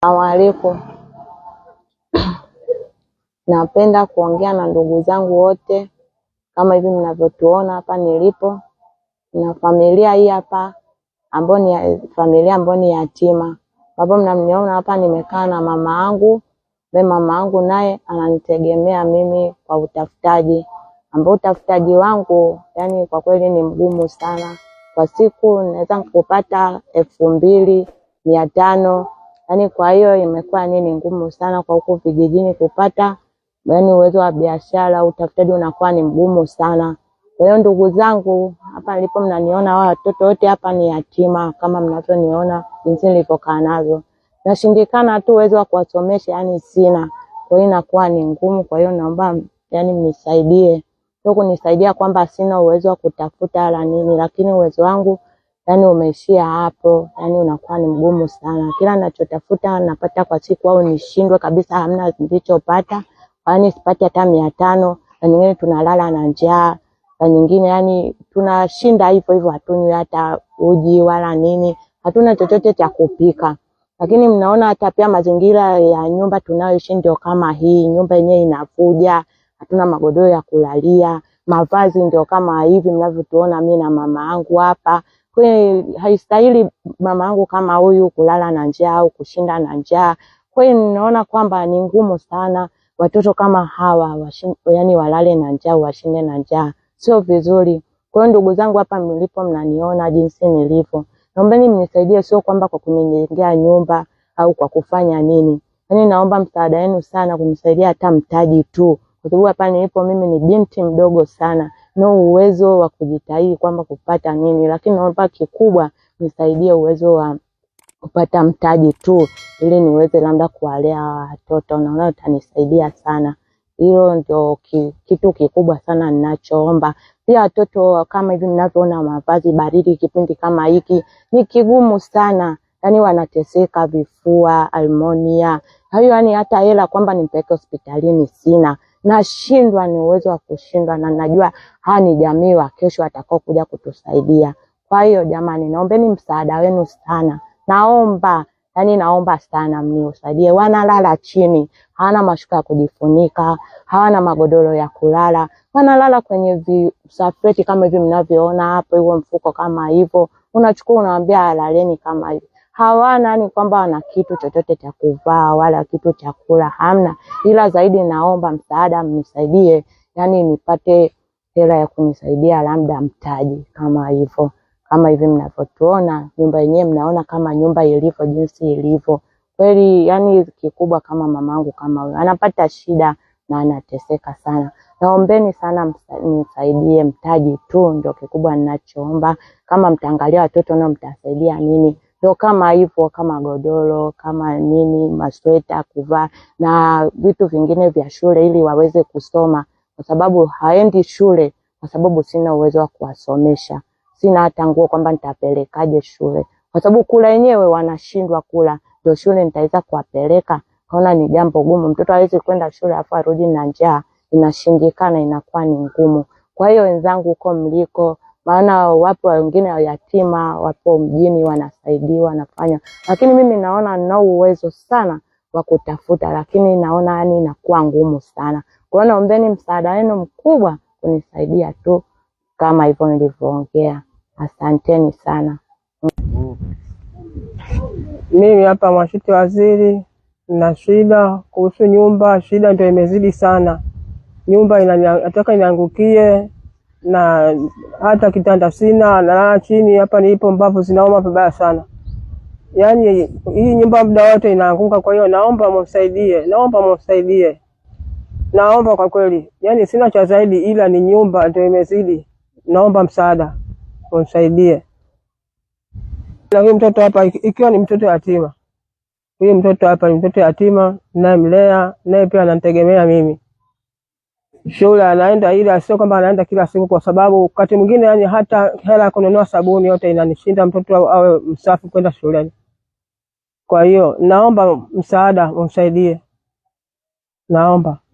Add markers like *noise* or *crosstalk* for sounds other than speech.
salamu alaikum *clears throat* napenda kuongea na ndugu zangu wote kama hivi mnavyotuona hapa nilipo na familia hii hapa ambayo ni familia ambayo ni yatima ambapo mnaniona hapa nimekaa na mama yangu ambaye mama yangu naye ananitegemea mimi kwa utafutaji ambao utafutaji wangu yani kwa kweli ni mgumu sana kwa siku naweza kupata elfu mbili mia tano Yaani kwa hiyo imekuwa nini ngumu sana kwa huku vijijini kupata yaani uwezo wa biashara, utafutaji unakuwa ni mgumu sana. Kwa hiyo ndugu zangu, hapa nilipo mnaniona, hawa watoto wote hapa ni yatima kama mnavyoniona jinsi nilivyokaa navyo. Nashindikana tu uwezo wa kuwasomesha, yani sina. Kwa hiyo inakuwa ni ngumu, kwa hiyo naomba yani mnisaidie. Sio kunisaidia kwamba sina uwezo wa kutafuta la nini, lakini uwezo wangu yani umeishia hapo, yani unakuwa ni mgumu sana. Kila ninachotafuta napata kwa siku, au nishindwe kabisa, hamna nilichopata, yani sipati hata mia tano. Na nyingine tunalala na njaa, na nyingine yani tunashinda hivyo hivyo, hatunywi hata uji wala nini, hatuna chochote cha kupika. Lakini mnaona hata pia mazingira ya nyumba tunayoishi ndio kama hii, nyumba yenyewe inavuja, hatuna magodoro ya kulalia, mavazi ndio kama hivi mnavyotuona mimi na mama yangu hapa. Kwa haistahili mama yangu kama huyu kulala na njaa au kushinda na njaa. Kwa hiyo ninaona kwamba ni ngumu sana watoto kama hawa washin, yani walale na njaa, washinde na njaa, sio vizuri. Kwa hiyo ndugu zangu, hapa mlipo, mnaniona jinsi nilivyo, naombeni mnisaidie, sio kwamba kwa kunijengea nyumba au kwa kufanya nini, yani naomba msaada wenu sana kunisaidia hata mtaji tu, kwa sababu hapa nilipo mimi ni binti mdogo sana no uwezo wa kujitahidi kwamba kupata nini, lakini naomba kikubwa nisaidie uwezo wa kupata mtaji tu, ili niweze labda kuwalea watoto. Naona utanisaidia sana. Hilo ndio kitu kikubwa sana ninachoomba. Pia watoto kama hivi mnavyoona, mavazi baridi kipindi kama hiki ni kigumu sana, yani wanateseka, vifua, almonia. Hayo yani hata hela kwamba nimpeke hospitalini sina nashindwa ni uwezo wa kushindwa, na najua hawa ni jamii wa kesho watakao kuja kutusaidia. Kwa hiyo jamani, naombeni msaada wenu sana, naomba yani, naomba sana mniusaidie. Wanalala chini, hawana mashuka ya kujifunika, hawana magodoro ya kulala, wanalala kwenye visafreti kama hivi mnavyoona hapo, hiyo mfuko kama hivyo unachukua, unawaambia alaleni kama hivi hawana ni kwamba wana kitu chochote cha kuvaa wala kitu cha kula hamna, ila zaidi naomba msaada, mnisaidie yani nipate hela ya kunisaidia labda mtaji kama hivyo. Kama hivi mnavyotuona nyumba yenyewe, mnaona kama nyumba ilivyo jinsi ilivyo kweli, yani kikubwa kama mamangu kama huyo anapata shida na anateseka sana. Naombeni sana nisaidie mtaji tu, ndio kikubwa ninachoomba. Kama mtaangalia watoto nao mtasaidia nini ndo kama hivyo, kama godoro, kama nini, masweta kuvaa na vitu vingine vya shule, ili waweze kusoma, kwa sababu haendi shule, kwa sababu sina uwezo wa kuwasomesha. Sina hata nguo kwamba nitapelekaje shule, kwa sababu kula yenyewe wanashindwa kula, ndio shule nitaweza kuwapeleka? Kaona ni jambo gumu, mtoto hawezi kwenda shule afu arudi na njaa, inashindikana, inakuwa ni ngumu. Kwa hiyo wenzangu, huko mliko maana wapo wengine yatima, wapo mjini, wanasaidiwa wanafanya, lakini mimi naona na uwezo sana wa kutafuta, lakini naona yani inakuwa ngumu sana. Kwa hiyo naombeni msaada wenu mkubwa kunisaidia tu kama hivyo nilivyoongea. Asanteni sana. Mimi hapa Mwashiti Waziri, na shida kuhusu nyumba. Shida ndio imezidi sana, nyumba inataka iniangukie na hata kitanda sina, nalala chini hapa nilipo, mbavu zinauma vibaya sana. Yaani hii nyumba muda wote inaanguka. Kwa hiyo naomba msaidie, naomba msaidie, naomba kwa kweli. Yaani sina cha zaidi, ila ni nyumba ndio imezidi. Naomba msaada, msaidie. Na huyu mtoto hapa, ikiwa ni mtoto yatima, huyu mtoto hapa ni mtoto yatima, naye mlea naye pia ananitegemea mimi shule anaenda, ila sio kwamba anaenda kila siku, kwa sababu wakati mwingine yani hata hela ya kununua sabuni yote inanishinda mtoto awe msafi kwenda shuleni. Kwa hiyo naomba msaada, msaidie, naomba